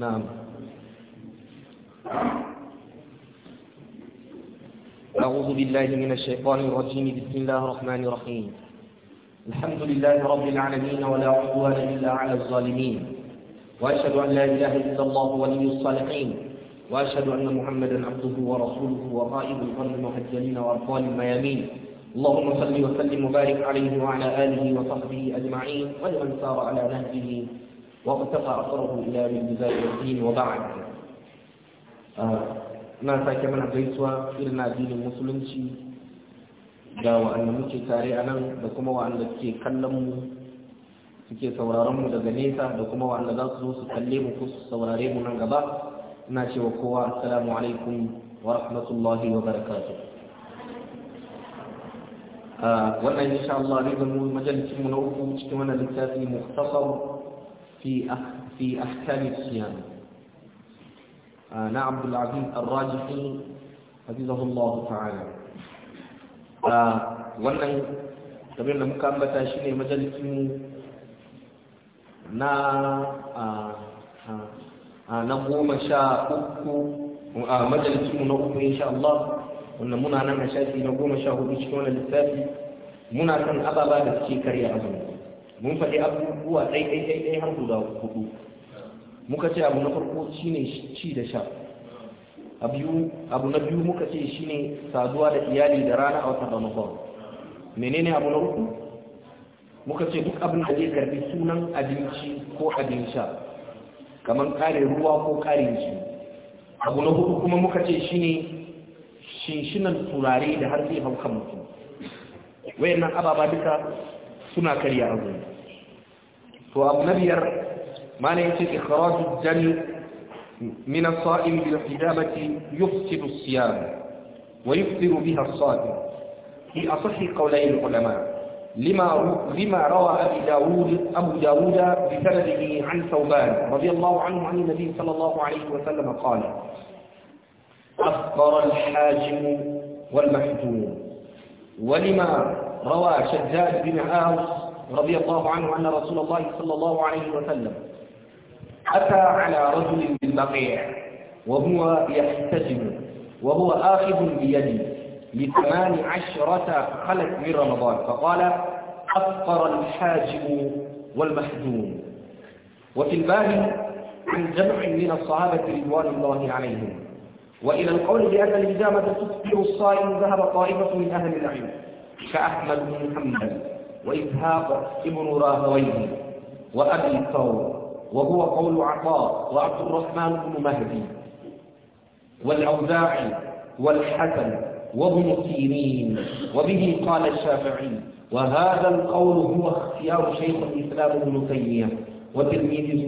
نعم أعوذ بالله من الشيطان الرجيم بسم الله الرحمن الرحيم الحمد لله رب العالمين ولا عدوان إلا على الظالمين وأشهد أن لا إله إلا الله ولي الصالحين وأشهد أن محمدا عبده ورسوله وقائد القرن المهجرين وأطفال الميامين اللهم صل وسلم وبارك عليه وعلى آله وصحبه أجمعين ولمن سار على نهجه وارتقى أثره إلى ميزان الدين وبعد na sake mana gaisuwa irin addinin musulunci da wa'annan muke tare a nan da kuma wa'anda suke kallon mu suke sauraron mu daga nesa da kuma wa'anda za su zo su kalle mu ko su saurare mu nan gaba ina cewa kowa assalamu alaikum wa rahmatullahi wa barakatuh wannan insha Allah ne ga mu majalisin mu na uku cikin wannan littafi muhtasar في في أحكام الصيام أنا عبد العزيز الراجحي حفظه الله تعالى wannan kamar da muka ambata shi ne majalisin na na goma sha uku a majalisinmu na uku insha Allah wannan muna nan a shafi na goma sha hudu cikin wannan littafi. muna kan ababa da suke karya azumi mun faɗi abubuwa ɗai ɗai ɗai ɗai har guda hudu muka ce abu na farko ne ci da sha abu na biyu muka ce shine saduwa da iyali da rana a watan ramadan menene abu na uku muka ce duk abin da zai karbi sunan abinci ko abin sha kamar kare ruwa ko kare shi abu na hudu kuma muka ce shine shinshinan turare da har zai kan mutum wayannan ababa duka suna karya a zuwa تو اب ما معنی چیز اخراج الدم من الصائم بالحجابة يفسد الصيام ويفتر بها الصائم في أصح قولي العلماء لما لما روى أبي داوود أبو داوود بسنده عن ثوبان رضي الله عنه عن النبي صلى الله عليه وسلم قال أفطر الحاجم والمحجوم ولما روى شداد بن عاص رضي الله عنه أن رسول الله صلى الله عليه وسلم أتى على رجل بالبقيع وهو يحتجب وهو آخذ بيدي لثمان عشرة خلت من رمضان فقال أفقر الحاجب والمحجوم وفي الباب عن جمع من الصحابة رضوان الله عليهم وإلى القول بأن الإجامة تصبح الصائم ذهب طائفة من أهل العلم كأحمد بن محمد وإسحاق ابن راهويه وأبي الثور وهو قول عطاء وعبد الرحمن بن مهدي والأوزاعي والحسن وهم التيمين وبه قال الشافعي وهذا القول هو اختيار شيخ الإسلام ابن تيمية وتلميذه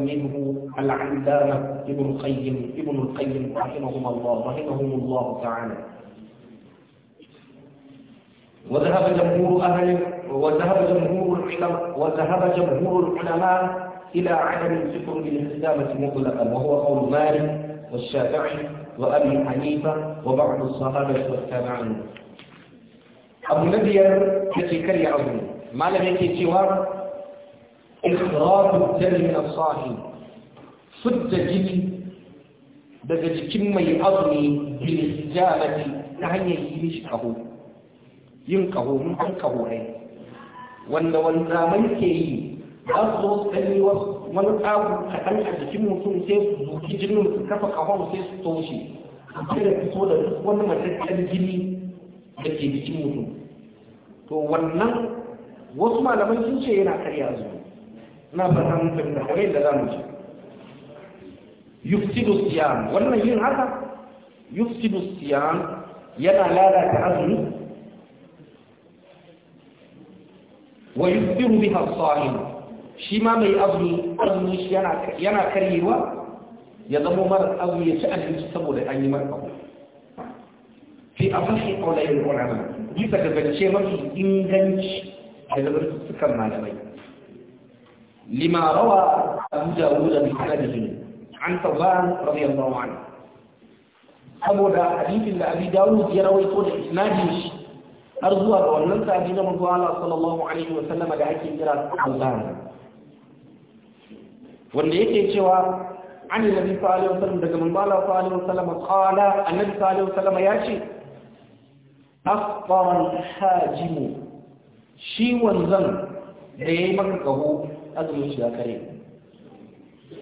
منه العلامة ابن القيم ابن القيم رحمهما الله رحمهم الله تعالى وذهب جمهور أهل وذهب جمهور العلماء وذهب جمهور العلماء إلى عدم الذكر بالإسلامة مطلقا وهو قول مالك والشافعي وأبي حنيفة وبعض الصحابة والتابعين أبو نبي يأتي كري عظيم ما لم يأتي سوى إخراج الدم من الصاحب فد جلي بدل كم يعظم azumi bil يجيش أبوه yin kaho mun san kaho ne wanda wanda mai ke yi za su zo su ɗanyi wani tsabu kaɗan a jikin mutum sai su zuki jinin su kafa kahon sai su toshe sai da fito da duk wani matattar jini da ke jikin mutum to wannan wasu malaman sun ce yana karya zuwa na fatan da kare da za mu ce yufsidu siyam wannan yin haka yufsidu siyam yana lalata azumi wa yusbiru biha as-sa'im shi ma mai azumi azumin shi yana yana karyewa ya zama mara azumi ya ci abinci saboda an yi mara abu fi afashi qawlayn ulama bisa ga zance mafi inganci daga sukan malamai lima rawa abu dawud bi sanadihi an taban radiyallahu anhu saboda hadisin da abi dawud ya rawaito da isnadin shi har zuwa ga wannan sahabi na manzo Allah sallallahu alaihi wa sallama da ake kira Allah wanda yake cewa an nabi sallallahu alaihi wa sallam daga manzo Allah sallallahu alaihi wa sallama qala annabi sallallahu alaihi wa sallama ya ce afqaran hajimu shi wanzan da yayi maka kaho azumin shi ya kare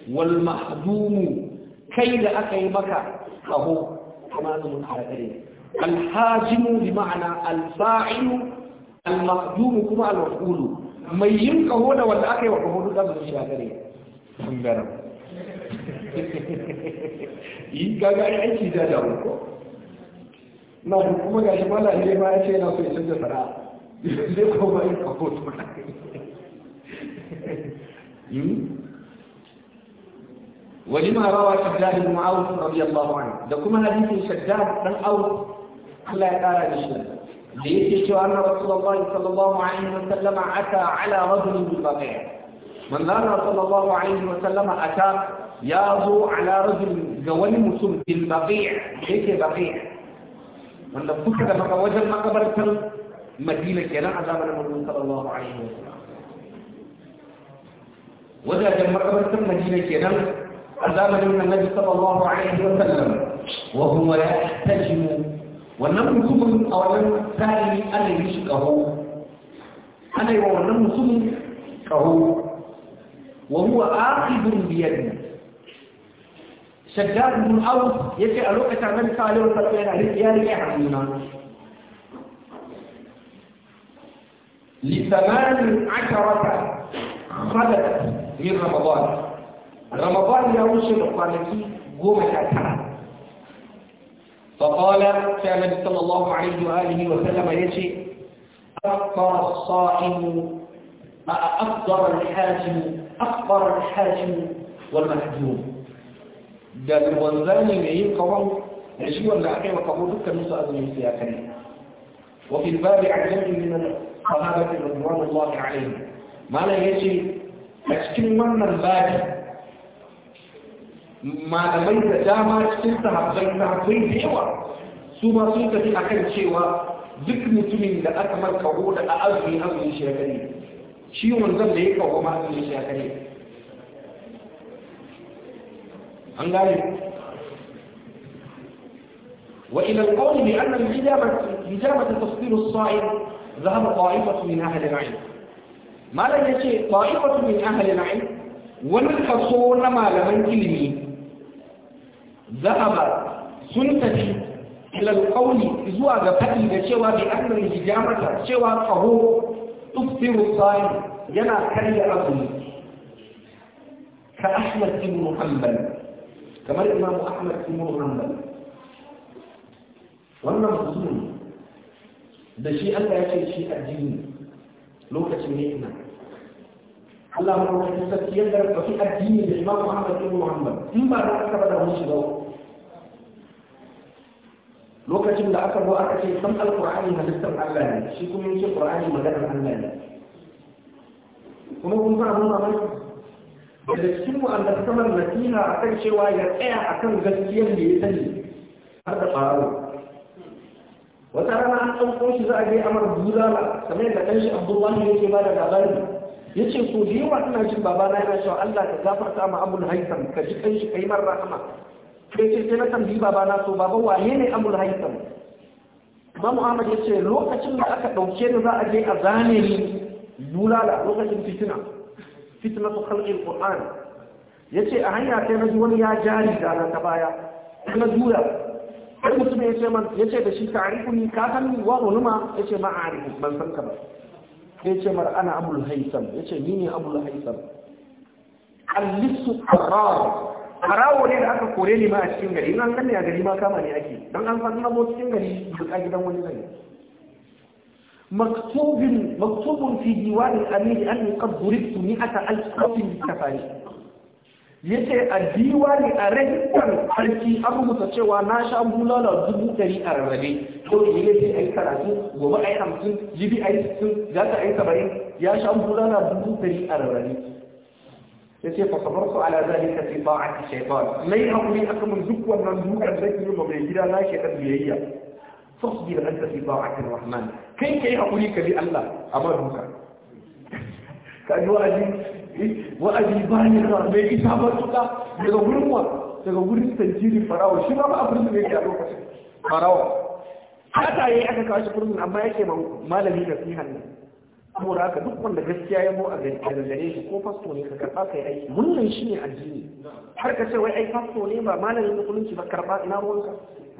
wal mahdumu kai da aka yi maka kaho kuma azumin shi kare alhajimu bi ma'ana alfa'ilu almaqdumu kuma almaf'ulu mai yin kaho da wanda aka yi wa kaho duk za su shiga gare bangaren yi gaga ai aiki da da ko na kuma gashi mala ne a ya ce yana so ya canza fara kuma yin kaho to ولما روى شداد بن عوف رضي الله عنه ده كما حديث شداد بن عوف أخلاق ان رسول الله صلى الله عليه وسلم اتى على رجل بالبقيع من لا رسول الله عليه وسلم اتى يازو على رجل جوان مسلم بالبقيع هيك بقيع من لا فكر فك وجه المقبرة مدينة كان عذاب النبي صلى الله عليه وسلم وجه المقبرة مدينة كان عذاب النبي صلى الله عليه وسلم وهو يحتجم wannan mutumin a wannan zahiri ana yi shi ƙaho ana yi wa wannan mutumin ƙaho wa huwa aqibun bi yadihi shaddad bin awf yace a lokacin annabi sallallahu alaihi wasallam yana riƙe ya riƙe hannuna li thamanin asharata khalat min ramadan ramadan ya wuce da kwanaki goma sha tara فقال كان صلى الله عليه وآله وسلم يشي أكبر الصائم أكبر الحاجم أكبر الحاجم والمحجوم da wanzani mai yin kawon da shi wanda aka yi wa kawo dukkanin su azumin su ya kare wa fil babi ajabi min al sahabati radhiyallahu malam yace a cikin wannan babi malamai da dama cikin sahabban sahabbai da yawa su ma sun tafi a kan cewa duk mutumin da aka marka kaho da a azumi azumin shi ya kare shi wanzan da ya kawo ma azumin shi ya kare an gane wa ila alqawl bi anna al-hijabah hijabah tasbir as-sa'id ذهب طائفة من أهل العلم ما لا يشيء min من أهل العلم wani kaso na malaman ilimi ذهب سنتي إلى القول زوا غفتي da cewa bi annal hijamata cewa qahu tufsiru sa'i yana karya azumi ka Ahmad ibn Muhammad kamar Imam Ahmad ibn Muhammad wannan mutum da shi Allah ya ce shi addini lokacin ne ina Allah mu ta tafiyar da fi addini da Imam Ahmad ibn Muhammad in ba da aka bada mushi ba lokacin da aka zo aka ce san alqur'ani halittar Allah ne shi kuma yace qur'ani maganar Allah ne kuma kun fara mun mamaki da cikin wa'anda suka nasiha a kan cewa ya tsaya a kan gaskiyar da ya sani har da faru wata rana an ɗauko shi za a je amar bulala kamar yadda ɗan shi abdullahi yake ba da labari ya ce so da yawa suna jin babana yana cewa allah ka gafarta ma abun haitam ka ji kan shi kai mar rahama sai ce sai na tambayi baba na so baba wane ne abul haitham imam ahmad ya ce lokacin da aka dauke ni za a je a zane ni bulala lokacin fitina fitina su khalqil qur'an Ya ce a hanya sai na ji wani ya jari da na ta baya na juya sai mutum ya ce man yace da shi ta'rifu ni ka san wa ulama yace ma a'rifu ban san ka ba Ya ce mar ana abul Ya ce ni ne abul haitham al-lisu qarrar harawo ne da aka kore ni ma a cikin gari nan kan ne a gari ma kama ne ake don an san na cikin gari duk a gidan wani zai maktubin maktubun fi diwanin amiri an yi kan su ni aka fari ya ce a ne a rajistan sarki an rubuta cewa na sha bulala dubu ɗari a rarrabe ko ne sai a yi karatu gobe a yi hamsin jibi a yi sittin za ta a yi saba'in ya sha bulala dubu ɗari a rarrabe yace fa sabartu ala zalika fi ta'ati shaytan mai hakuri mun duk wannan dukan da kike ma mai gida na ke shaytan biyayya fasbir anta fi ta'ati rahman kai kai hakuri ka bi Allah amma duka ka ji wa'azi wa'azi bani ka mai isa ba tuka daga gurin wa daga gurin tanjiri farawa shi ba abin da ke a lokacin farawa haka yayi aka kawo shi gurin amma yake malami nasihan nan saboda haka duk wanda gaskiya ya bo a gargare shi ko fasto ne ka karba kai aiki wannan shi ne addini har ka ce wai ai fasto ne ba malamin musulunci ba karba ina ruwanka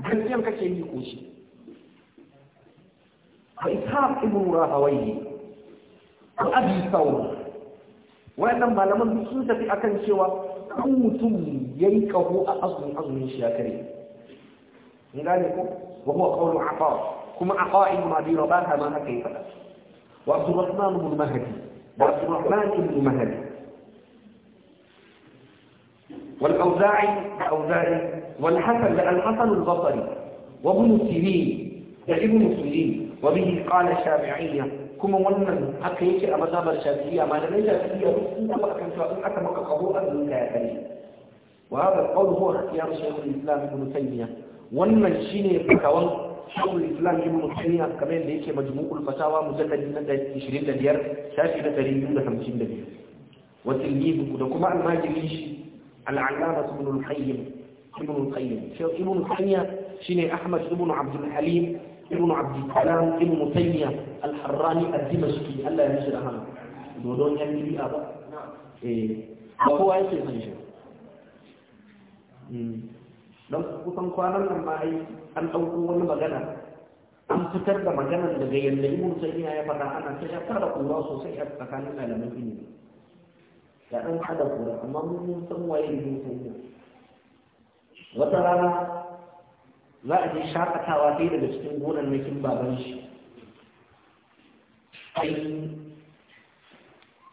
gaskiyan kake yi ko shi fa ishaq ibn rahawayhi wa abi thawr wannan malaman sun tafi akan cewa kan mutum yayi kaho a azumin azumin shi ya kare ngane ko wa huwa qawlu afa kuma aqa'id ma bi rabaha ma haka yi fada وعبد الرحمن بن مهدي وعبد الرحمن بن مهدي والأوزاعي الأوزاعي والحسن الحسن البصري وابن سيرين ابن سيرين وبه قال الشافعية كما ولنا أكيد أما ذا الشافعية ما لم يجد فيها كل أكن شاء حتى ما قبوا وهذا القول هو اختيار شيخ الإسلام ابن تيمية ولنا الشيني فكوان shawul islam ibn mutaniya kamar yadda yake majmu'ul fatawa mujalladi na 25 shafi na 252 wa tilmidu da kuma almajiri shi al'allama ibn al-qayyim ibn qayyim shaw ibn mutaniya shine ahmad ibn abdul halim ibn abdul salam ibn mutaniya al-harrani ad-dimashqi Allah ya mishi rahama dodon yan bi'a ba eh ba kowa yake san don kusan kwanan nan ma ai an ɗauko wani magana an fitar da maganar daga yadda ibn iya ya faɗa ana sai ya fara sosai a tsakanin malaman ilimi da an hada kura amma mun san waye ne ibn taymiya wata rana za a je shakatawa sai daga cikin gonannakin baban shi ai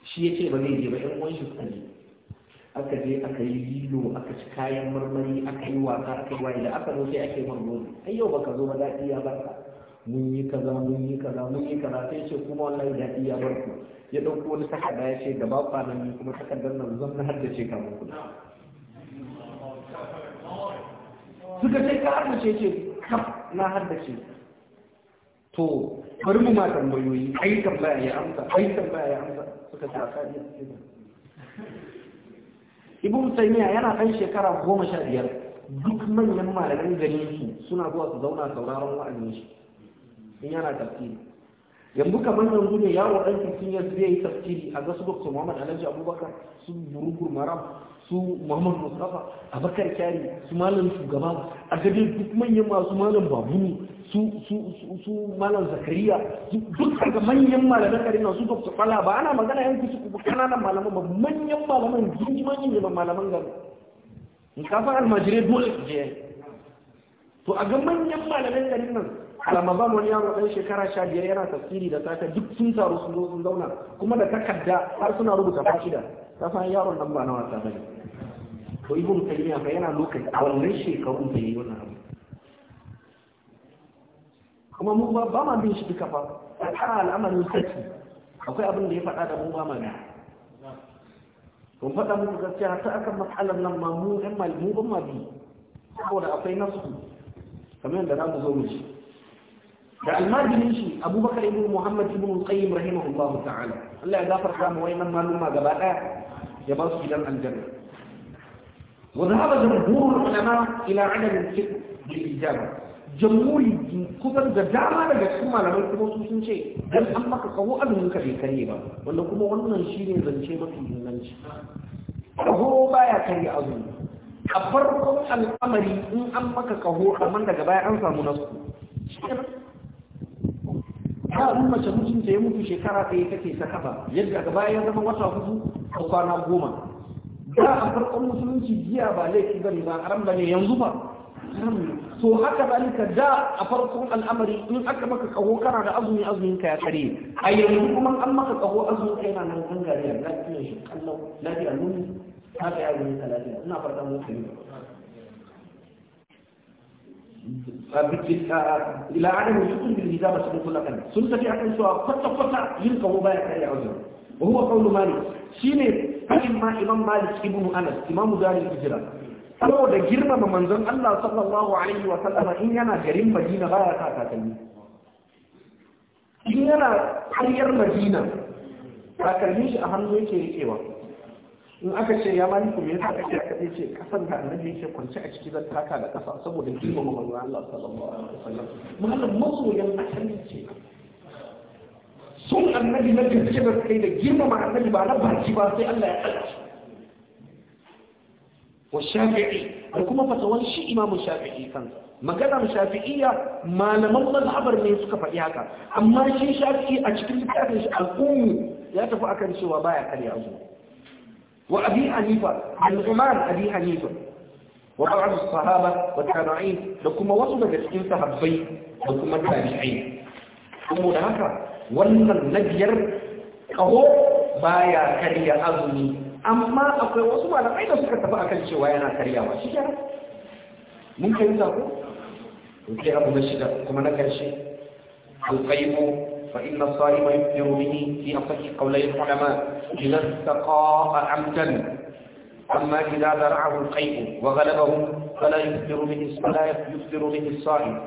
shi ya ce ba zai je ba 'yan uwan shi kuɗi aka je aka yi lilo aka ci kayan marmari aka yi wasa aka yi waye da aka zo sai ake marmari ai yau baka zo ba za daɗi ya barka mun yi kaza mun yi kaza mun yi kaza sai ce kuma wallahi daɗi ya barku ya dauko wani takarda ya ce da fa kwanan ni kuma takardar nan zan na ce ka muku suka ce ka haddace ce ce kaf na ce to bari mu ma tambayoyi ai tambaya ya amsa ai tambaya ya amsa suka ce a ka iya ibn taymiya yana kan shekara goma sha biyar duk manyan malaman garin su suna zuwa su zauna sauraron wa'azin shi in yana tafsiri yanzu kamar yanzu ne yawon ɗan titin ya zai yi tafsiri a ga su dr muhammad alhaji abubakar su burukur maram su muhammad mustafa abakar kyari su malam shugaba a gade duk manyan masu malam babunu su su malam zakariya duk daga manyan malaman na su dokta kwala ba ana magana yan su kuma kananan malaman ba manyan malaman jinji manyan yaman malaman gano in fa almajirai dole su je to a ga manyan malaman garin nan Al-Ramadan wani yaro ɗan shekara sha biyar yana tafsiri da safe duk sun taru sun zo sun zauna kuma da takarda har suna rubuta fashida ta san yaron nan ba na wasa bane to ibn taymiya fa yana lokaci a wannan shekaru da yayi wannan abu kuma mu ba ba ma bin shi duka fa ta al'amarin saki akwai abin da ya faɗa da mu ba ma bi kun faɗa muku gaskiya ta akan matsalar nan ma mu ɗan mu ban ma bi saboda akwai nasu kamar yadda na mu zo mu ci da almajirin shi abubakar ibn muhammad ibn qayyim rahimahullah ta'ala Allah ya gafarta mu wayannan maluma gaba daya ya ba su gidan aljanna wa dhahaba jumhur ulama ila adam al-fiqh bil ijaba jamhuri kusan da dama daga cikin malamai kuma su sun ce dan an maka kawo azumin ka bai kare ba wanda kuma wannan shine zance mafi inganci kaho baya kare azumi a farkon al'amari in an maka kaho amma daga baya an samu nasu ta in mace mutunta ya mutu shekara yi kake saka ba yadda ga bayan zama wata hudu a kwana goma da a farkon musulunci biya ba laifi bane ba haram bane yanzu ba to haka ka da a farkon al'amari in aka maka kaho kana da azumi azumin ka ya kare a yanzu kuma an maka kaho azumin ka yana nan kan gariya lafiya shi kallon lafiya nuni haka ya wuni ka lafiya ina fata mun Ah, ila adam sukun bil hijaba sun kullakan sun tafi akan cewa kwata kwata yin kawo baya kai a wajen wa huwa qawlu malik shine hadin ma imam malik ibn anas imam dari hijra saboda girmama manzon Allah sallallahu alaihi wa sallam in yana garin Madina baya ka takalmi in yana hanyar Madina takalmi shi a hannu yake rikewa in aka ce ya maliku me yasa kake aka ce kasan da annabi yake kwance a ciki zan taka da ƙasa saboda kima mu manzo Allah sallallahu alaihi wasallam mallam masoyan annabi ce sun annabi na gaske da kai da girmama annabi ba na baki ba sai Allah ya tsaka wa shafi'i da kuma fatawan shi imamu shafi'i kansa maganar shafi'iyya malaman mazhabar ne suka faɗi haka amma shi shafi'i a cikin littafin shi al'ummi ya tafi akan cewa baya karya zuwa وابي حنيفه عن عمر ابي حنيفه وبعض الصحابه والتابعين لكم وصل دكتور صحابي لكم التابعين ثم ذهب ولن نجر قهو بايا كريا اغني amma akwai wasu ba da ainihin suka tafi akan cewa yana karyawa shi gyara mun kai zaɓo? ok abu na shida kuma na ƙarshe alƙaimo فإن الصائم يكثر به في أصح قولي العلماء إذا استقاء عمدا أما إذا درعه القيء وغلبه فلا يكثر به فلا يكثر به الصائم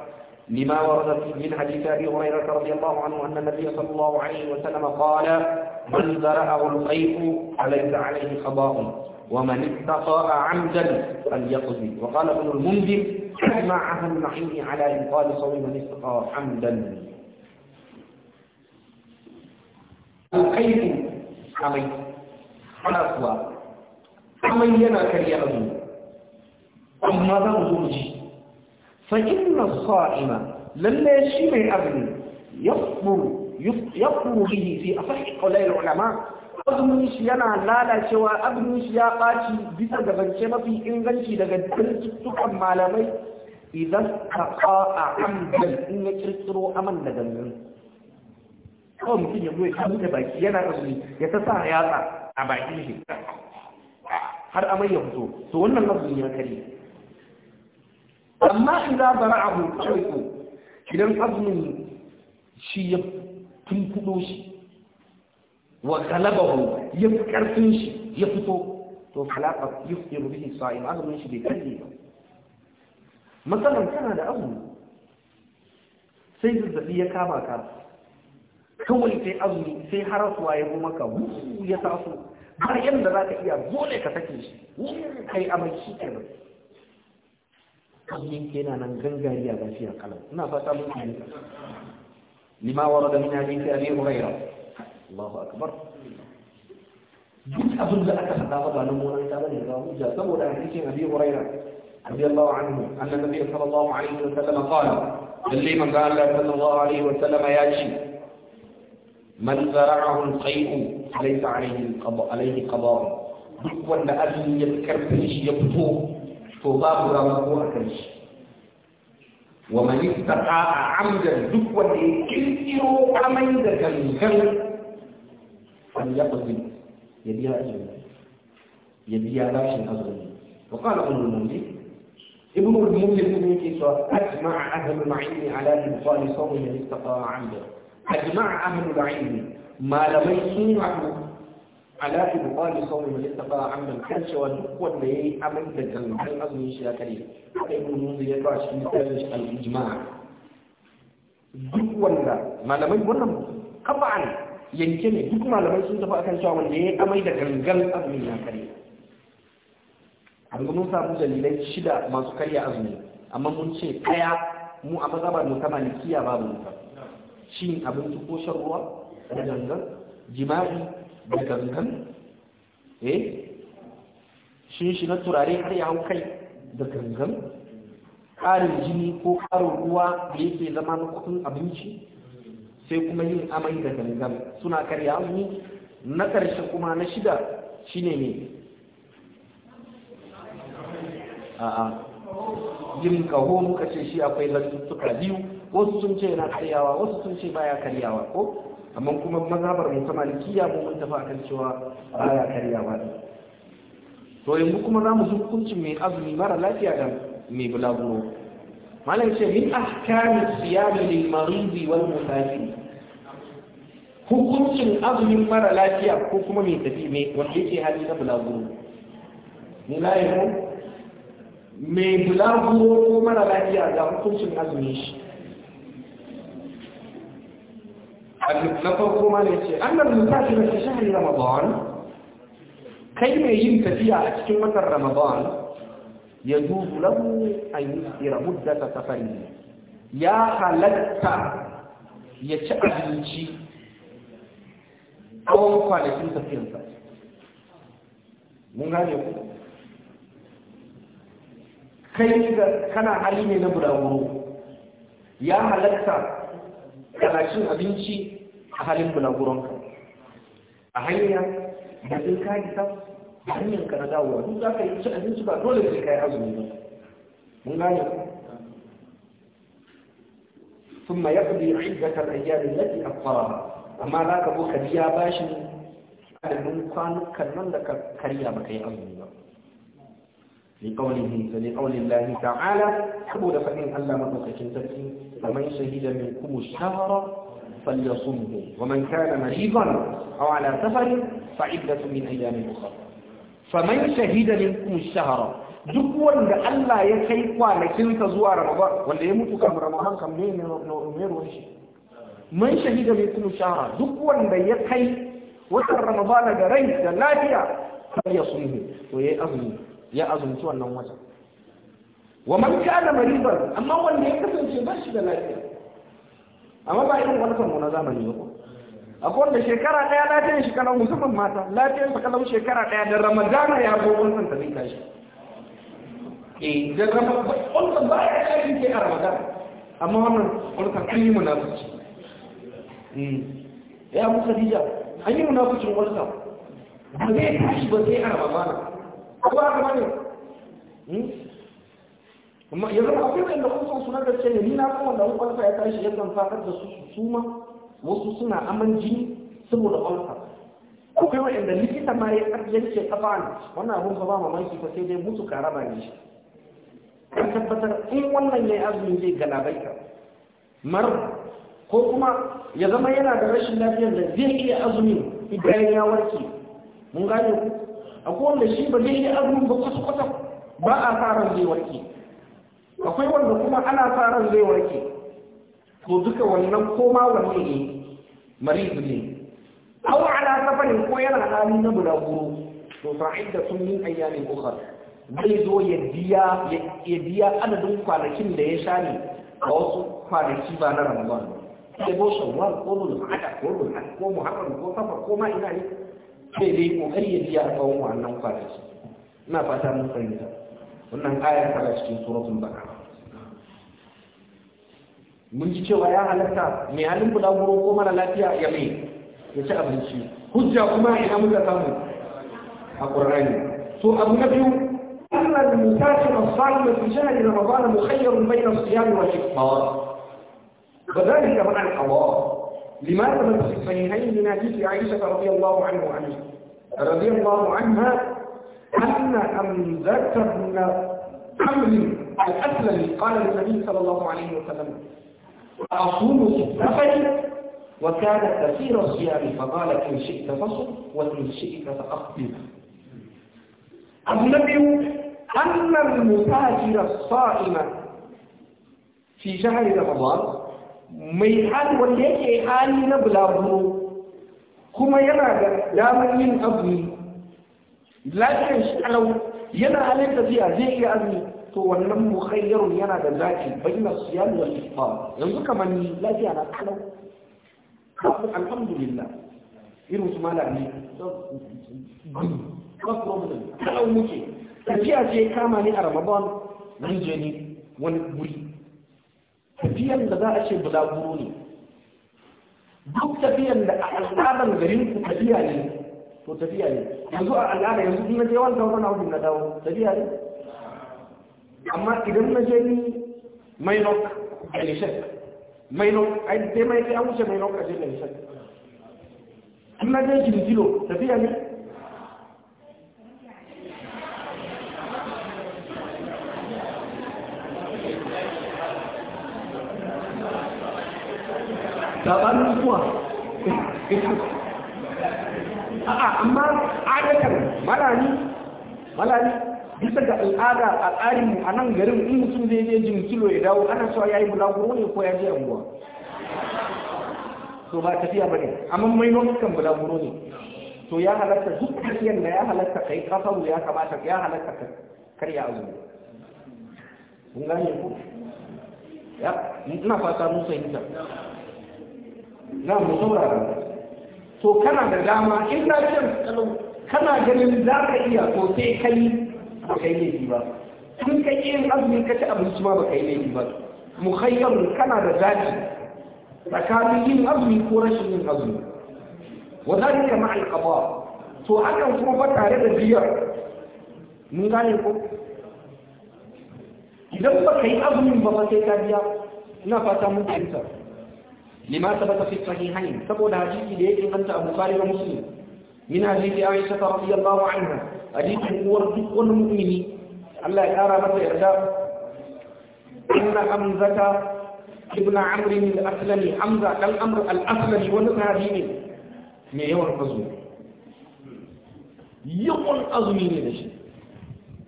لما ورد من حديث أبي هريرة رضي الله عنه أن النبي صلى الله عليه وسلم قال من درعه القيء فليس عليه قضاء ومن استقاء عمدا فليقضي وقال ابن المنذر أجمع أهل على إنقاذ صوم من استقاء عمدا alkaifu amai ana kuwa amai yana karya azumi amma za mu zo mu ji fa inna sa'ima lalle shi mai abin yafuru yafuru bihi fi asahi qawlai ulama azumin shi yana lalacewa abin shi ya ɓaci bisa ga zance mafi inganci daga dukkan malamai idan ka ƙa'a amdan in ya kirkiro aman da gangan kawai mutum ya goya kamun da baki yana azumi ya ta sa yatsa a baki shi har amai ya fito to wannan azumi ya kare amma a bara'ahu shayku idan azumin shi ya tunkudo shi wa galabahu ya fi karfin shi ya fito to falaka yuftiru bihi sa'im azumin shi bai kalle ba Matsalar tana da abu sai zazzabi ya kama ka kawai sai azumi sai harasuwa ya kuma ka ya taso har yadda za ka iya dole ka sake shi kai amai shi ke nan azumin ke nan gangariya a kalam ina fata mun yi lima warada min hadisi abi hurairah Allahu akbar duk abin da aka faɗa ba ba nan mun ta bane ga hujja saboda hadisin abi hurairah radiyallahu anhu annabi sallallahu alaihi wa sallam qala lalle man qala sallallahu alaihi wa sallam ya ce man zara'ahu al-qay'u laysa alayhi qada alayhi qada duk wanda azumi ya karfe shi ya fito to babu ramako a kan shi wa man istata'a amdan duk wanda ya kirkiro amai da gangan an yaqdi ya biya azumi ya biya rashin azumi wa qala ibn al-munzir ibn al-munzir ne yake cewa ajma'a ahlul ma'ini ala ibtal sawmi istata'a amdan ajma'a ahlul ilmi malamai sun haɗu ala ibqali sawmi man ittaqa amman kan cewa duk wanda yayi amin da gangan azumin shi ya kare sai ibn munzir ya ba shi misalin shi al-ijma' duk wanda malamai wannan kafa'an yanke ne duk malamai sun tafi akan cewa wanda yayi amai da gangan azumin ya kare an mun samu dalilai shida masu karya azumi amma mun ce kaya mu a mazhabar mu ta malikiya babu mutum cin abinci ko shan ruwa da gangan jima'i da gangan eh shin shi na turare har ya hau kai da gangan ƙarin jini ko ƙarin ruwa da yake zama na kuɗin abinci sai kuma yin amai da gangan suna karya azumi na ƙarshe kuma na shida shine ne a'a yin kaho muka ce shi akwai lantuttuka biyu wasu sun ce yana karyawa wasu sun ce baya karyawa ko amma kuma mazhabar mu ta malikiya mu mun tafi akan cewa baya karyawa to yanzu kuma za mu ji hukuncin mai azumi mara lafiya da mai bulaguro malam ce min ahkami siyami lil maridi wal mutafi hukuncin azumin mara lafiya ko kuma mai tafi mai wanda yake hali na bulaguro mu layi mai bulaguro ko mara lafiya ga hukuncin azumin shi na farko ma ne ce an nan mutashi na shahari ramadan kai mai yin tafiya a cikin watan ramadan ya dubu lahu a yi tsira ta safari ya halatta ya ci abinci A tsawon kwanakin tafiyarsa mun gane ku kai da kana hali ne na burawuro ya halatta kana cin abinci halin ku na gurinka a hanya da sai ka ta hanyar ka na dawowa duk za ka yi abinci ba dole sai ka yi azumi ba mun gane ثم يقضي عدة الأيام التي أفطرها أما ذاك أبو كبيا باشن من كان كنن لك كريا بكي أمين لقوله لقول الله تعالى حبود فإن ألا مدوك كنتكي فمن شهد منكم الشهر فليصمه ومن كان مريضا أو على سفر فعدة من أيام أخرى فمن شهد منكم الشهر دكوان لألا يتيقوا لكن تزوار رمضان ولا يموت كم رمضان كم مين نمير ونشي من شهد منكم الشهر دكوان ليتي وكر رمضان جريس جلاتيا فليصمه ويأذن يا أذن سوى النوم ومن كان مريضا أما هو اللي يكفي في باش جلاتيا amma ba irin wani sanmu na zamani ba akwai wanda shekara ɗaya lafiyar shi kalau musamman mata lafiyar sa kalau shekara ɗaya da ramadana ya zo wannan ta zai tashi eh da ramadana wannan ba ya tashi ke a ramadana amma wannan wannan an yi munafici hmm. ya musa dija an yi munaficin wannan ba zai tashi ba sai a na. ko ba haka ba ne hmm? amma yanzu akwai wanda kusan suna na gaske ne ni na san wanda ulcer ya tashi yakan fakar da su suma wasu suna aman jini saboda ulcer akwai wanda likita ma ya tsarjance kafan wannan abun ba mai ba sai dai mutu karaba ne shi an tabbatar in wannan ya azumin azumi zai galabaita mar ko kuma ya zama yana da rashin lafiyar da zai iya azumi idan ya warke mun gane ku a kowanne shi ba zai iya azumin ba kwata-kwata ba a fara zai warke akwai wanda kuma ana sa ran zai warke to duka wannan koma wanne ne marid ne au ala safarin ko yana hali na bulaguro to fa'idda sun min ayyamin ukhar zai zo ya biya ya adadin kwanakin da ya share a wasu kwanaki ba na ramadan sai bo shawwal ko hada ko hada ko hada ko safa ko ma ina ne sai dai kai ya biya a tsawon wannan kwanaki ina fata mun fahimta wannan ayar tana cikin suratul baqara mun ji cewa ya halatta mai halin guda guro ko mara lafiya ya mai ya ci abinci hujja kuma ina muka samu a qur'ani to abu na biyu أن المسافر الصائم في شهر رمضان مخير بين الصيام والإفطار وذلك مع القضاء لماذا من الصحيحين من حديث عائشة رضي الله عنه عنه رضي الله عنها أن حمزة بن حمل الأسلمي قال للنبي صلى الله عليه وسلم أصوم في السفر وكان كثير الصيام فقال إن شئت فصم وإن شئت فأخطب النبي أن المسافر الصائم في شهر رمضان ميحان hal wanda yake hali na من kuma lafiyar shi alau yana halin tafiya zai iya azumi to wannan mukhayyarun yana da zafi bayyana siyam wal iftar yanzu kamar ni lafiya na kalau alhamdulillah irin su malami ba problem kalau muke tafiya ce kama ni a ramadan nan je ni wani guri tafiyan da za a ce bulaguro ne duk tafiyan da a al'adar garin ku tafiya ne to tafiya ne yanzu a al'ada yanzu in wani na dawo tafiya ne amma idan na je ni mainok a mainok a dai mai an wuce mainok a jirgin in na je jirgilo tafiya ne a'a amma adatan malami malami bisa ga al'ada a tsarin a nan garin in mutum zai je jin kilo ya dawo ana ya yayi bulaguro ne ko ya je anguwa to ba tafiya bane amma mai lokacin bulaguro ne to ya halatta duk tafiyan da ya halatta kai kafaru ya kamata ya halatta ka karya azumi mun gane ku ya ina fata mun ta. na mu saurara to kana da dama in lafiyar kalau kana ganin za ka iya to sai kai ba kai laifi ba tun ka yin azumi ka ci abinci ma ba kai laifi ba mukhayyar kana da zaki tsakanin yin azumi ko rashin yin azumi wa zalika ma alqada to hakan kuma ba tare da biyar mun gane ko idan ba kai azumin ba ba sai ka biya ina fata mun fahimta lima sabata fi sahihain saboda hadisi da yake kanta Abu Bukhari da Muslim min hadisi Aisha radiyallahu anha hadisin uwar duk wani mu'mini Allah ya kara masa yarda inna hamzata ibn amr al-aslami hamza dan amr al-aslami wani sahabi ne mai yawan azumi yawan azumi ne da shi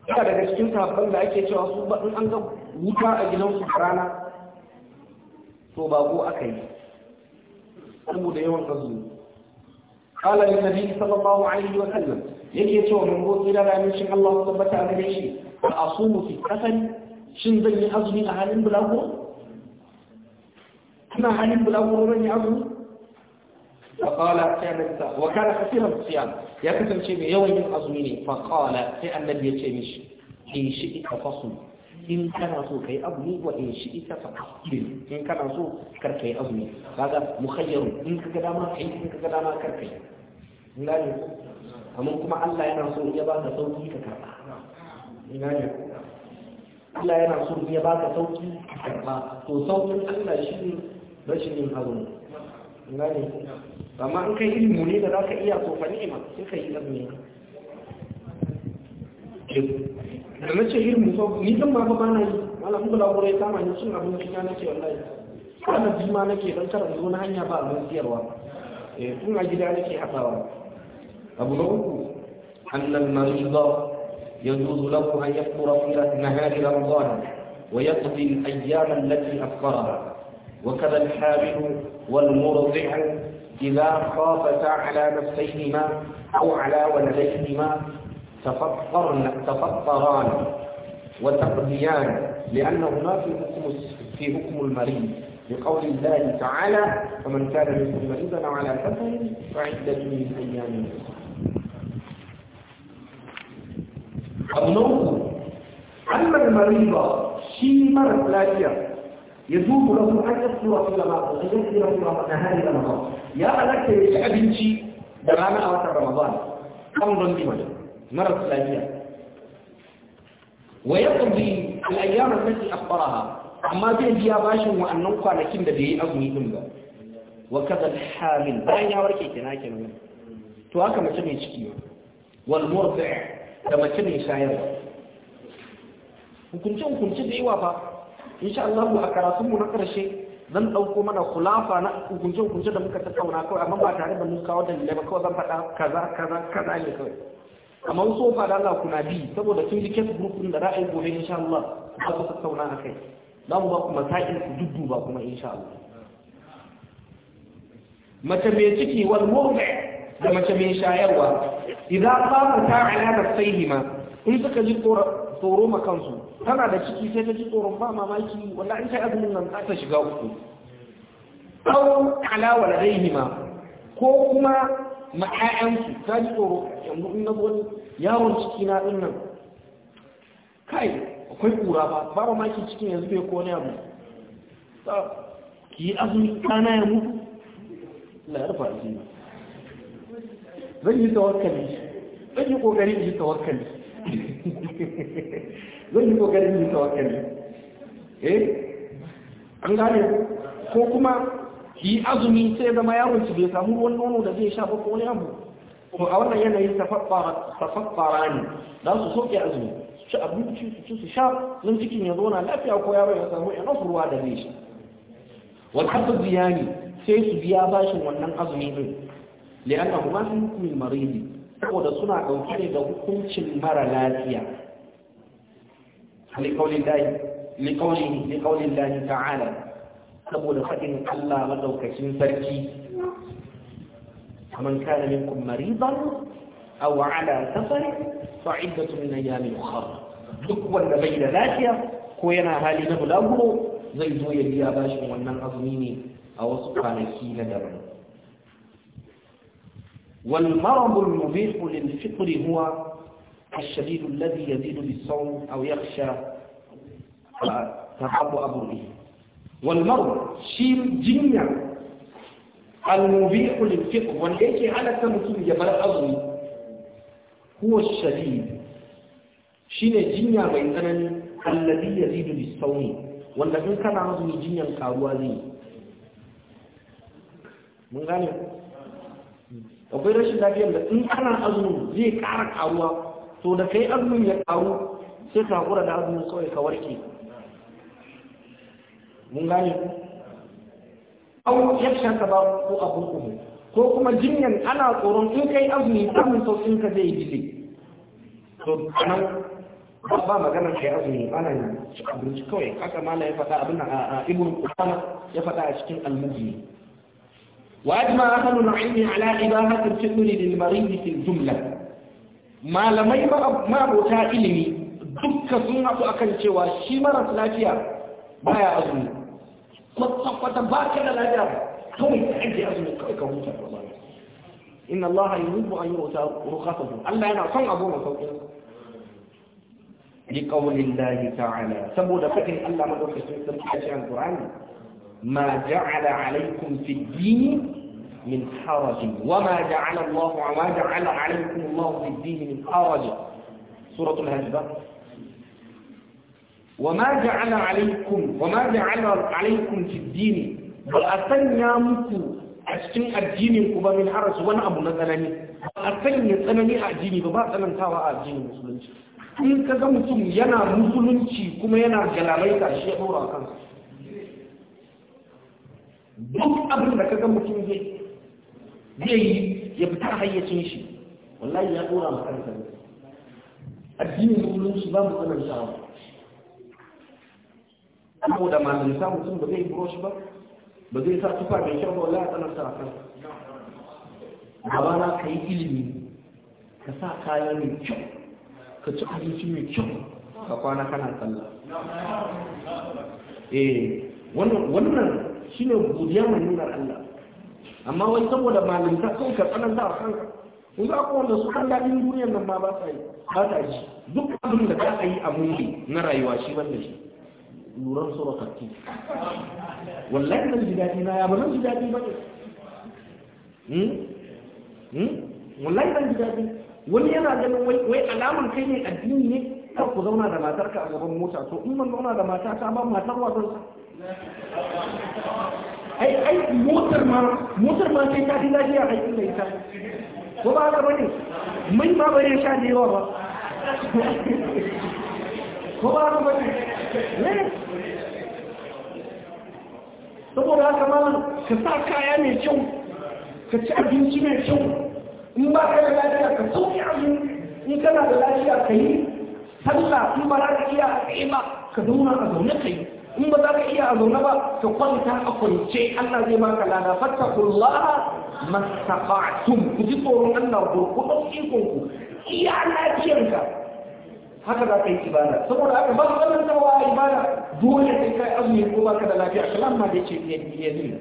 yana daga cikin sahabban da ake cewa su ba in an ga wuta a gidansu rana to ba ko aka yi أمود يوان قال للنبي صلى الله عليه وسلم هل يتوه من بوض إلى رأي من شيخ الله وطبت على بيشي فأصوم في كفن شن ذي أظن أعلم بالأبو ما أعلم بالأبو ومن يعظم فقال تعمل وكان خفيرا في الصيام يكتب شيء يوم من فقال في لم يتمش في شيء فصل in kana so kai ne wa in shi ita fa kafir in kana so kar kai ne kaga mukhayyaru in kaga dama kai in kaga dama kar kai ngani amma kuma Allah yana so ya baka sauki ka karba ngani Allah yana so ya baka sauki ka karba to saukin Allah shi ne rashin yin azumi ngani amma in kai ilimi ne da zaka iya to fa ni'ima sai kai ne. da na ce irin musau ni kan ba ba na yi malam kula wuri ya kama ni sun abin cikin nake wallahi ana ji ma nake dan kar zo na hanya ba abin siyarwa eh kun a gida nake hadawa abu na uku annal marida يجوز له أن يفطر في نهار رمضان ويقضي الأيام التي أفطرها وكذا الحامل والمرضع إذا خافتا على نفسيهما أو على ولديهما تفطرن تفطران وتقضيان لأنهما في حكم في حكم المريض لقول الله تعالى فمن كان منكم مريضا أو على سفر فعدة من أيام أظنه أن المريض شيء مرض لا يذوب يجوز له أن يصبر في رمضان أن يصبر في نهار رمضان يا لك يا شيء دراما أو رمضان أمضا لمن مرض ثانية ويقضي الأيام التي أخبرها أما بين دياباش وأن نقع لكن بدي أغني ذنبا وكذا الحامل باين يوركي تناكي منه تو ما تمي تشكيو والمرضع لما تمي شاير hukunce hukunce da yawa fa insha a karatunmu na karshe zan dauko mana khulafa na hukunce hukunce da muka tattauna kawai amma ba tare da mun kawo dalilai ba kawai zan faɗa kaza kaza kaza ne kawai amma so fa da Allah kuna bi saboda sun ji kes group din da ra'ayi gobe insha Allah za ku tattauna a kai za mu ba ku masail ku duddu ba kuma insha Allah mace mai ciki wal murda da mace mai shayarwa idan ta ta'ala da sayhima in suka ji tsoro makansu, tana da ciki sai ta ji tsoron ba mamaki an sai azumin nan za ta shiga uku aw ala waladayhima ko kuma ma ƴaƴanku ta ji tsoro yanzu in na zo yaron ciki na ɗin nan kai akwai ƙura ba ba ba maki cikin yanzu bai ko ne abu ki yi azumi kana ya mutu la ya rufa zan yi tawakkali zan yi ƙoƙarin yi tawakkali zan yi in yi tawakkali eh an gane ko kuma yi azumi sai zama yaron su bai samu ruwan nono da zai sha ba ko wani abu Kuma a wannan yanayin tafaffara ne za su soke azumi ci abinci su ci su sha nan cikin ya zauna lafiya ko yaron ya samu enough ruwa da zai sha wal biya ne sai su biya bashin wannan azumi din li'annahu ma fi hukmin maridi saboda suna dauke ne da hukuncin mara lafiya li qawli lillahi ta'ala saboda faɗin Allah madaukakin sarki man kana minkum maridan aw ala safar fa iddatu min ayyamin ukhra duk wanda bai da lafiya ko yana hali na bulaguro zai zo ya biya bashi wannan azumi ne a wasu kwanaki na daban wal marad al mubih lil والمرض المبيح للفطر هو الشديد الذي يزيد بالصوم أو يخشى تحب abu walmar shi jinya al-mubihu lil wanda yake halatta mutum ya bar azumi huwa shadid shine jinya mai tsanani alladhi yazidu bis-sawmi wanda in kana azumi jinyan karuwa zai mun gane akwai rashin lafiyar da in kana azumin zai ƙara karuwa to da kai azumin ya karu sai ka hakura da azumin kawai ka warke mun gane ku au yakshan ka ba ko abun ku ko kuma jinyan ana tsoron in kai azumi samun sauƙin ka zai yi to nan ba magana kai azumi ana yin ci abinci kawai haka mala ya faɗa abin a ibn qudama ya faɗa a cikin al-mujmi wa ajma ahlul ilmi ala ibahati al-fitr lil marid fi al-jumla malamai ma abota ilimi dukka sun haɗu akan cewa shi maras lafiya baya azumi فتباكنا الأجر هو عندي أزمة كوكب إن الله يريد أن يؤتى رخصه أنا أصنع أبو رخصه لقول الله تعالى سبود فكر ألا مدرك سيسر حاجة القرآن ما جعل عليكم في الدين من حرج وما جعل الله وما جعل عليكم الله في الدين من حرج سورة الهجره وما جعل عليكم وما جعل عليكم في الدين وأسنى مكو أشتن الدين كبا tsanani حرس Ba أبو نزلني أسنى تنني أديني ba tsanantawa a addinin musulunci. in ka ga mutum yana musulunci kuma yana galabai ga shi ɗora kansa duk abin da ka ga mutum zai yi ya fita hayyacin shi wallahi ya ɗora ma kansa addinin musulunci ba mu tsanantawa. saboda malinta mutum ba zai shi ba ba zai sa tufa mai kyau ba wallahi tsanar sa kan gabana ka yi ilimi ka sa kayan mai kyau ka ci abinci mai kyau ka kwana kana sallah eh wannan shine godiya mai nuna Allah amma wai saboda malinta kawai ka tsananta a kanka kun ga ko wanda su kan daɗin duniyar nan ma ba sa yi ba ta ji duk abin da za a yi a mulki na rayuwa shi ban da shi lurar su rakattu wallahi ban ji daɗi na ya ba nan ji daɗi ba ne hmm? hmm? wallahi ban ji daɗi wani yana ganin wai alaman kai ne addini ne kar ku zauna da ka a gaban mota to in man zauna da mata ta ba matar wa zan ai ai motar ma motar ma sai ta fi a kai inda ita ko ba haka bane mai ma bare sha da yawa ba ko ba haka bane saboda haka malam ka sa kaya mai kyau ka ci abinci mai kyau in ba ka da lafiya ka sauki abin in kana da lafiya ka yi sallah in ba za ka iya a tsaye ba ka zauna a zaune ka yi in ba za ka iya a zaune ba ka kwanta a kwance Allah zai baka lada fattakullaha mastafa'tum ku ji tsoron Allah ku ku dauki ku iya lafiyanka haka za ka yi ibada saboda haka ba wannan da wa ibada dole sai kai azumi ko baka da lafiya kalam ma dai ce ya yi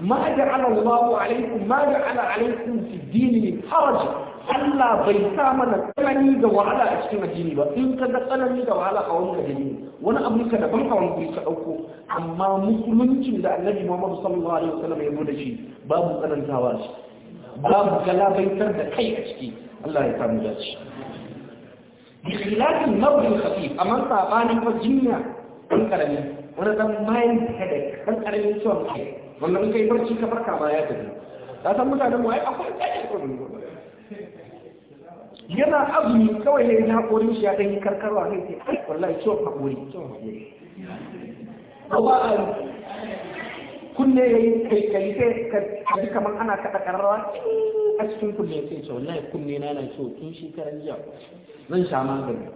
ma ja'ala Allahu alaikum ma ja'ala alaikum fi dini min haraj Allah bai sa mana tsanani da wahala a cikin addini ba in ka ga tsanani da wahala a wani addini wani abu ka daban a wani ka dauko amma musuluncin da Annabi Muhammad sallallahu alaihi wasallam ya zo da shi babu tsanantawa shi babu galabaitar da kai a ciki Allah ya kamu dace bi nau'in nabrin khafif amma sabanin ko jinya dan karami wani ɗan mayan headache dan karamin ciwon wanda wannan yi barci ka farka ba ya tafi ta san mutanen waye akwai tsayin kurin yana azumi kawai ne na hakorin shi ya dan karkarwa ne sai ai wallahi ciwon hakori ciwon hakori ko ba a kunne yayi kai kai sai ka ji kamar ana kaɗa karrawa eh, a cikin kunne sai ce wallahi kunne na na ciwo tun shekarar jiya zan sha magani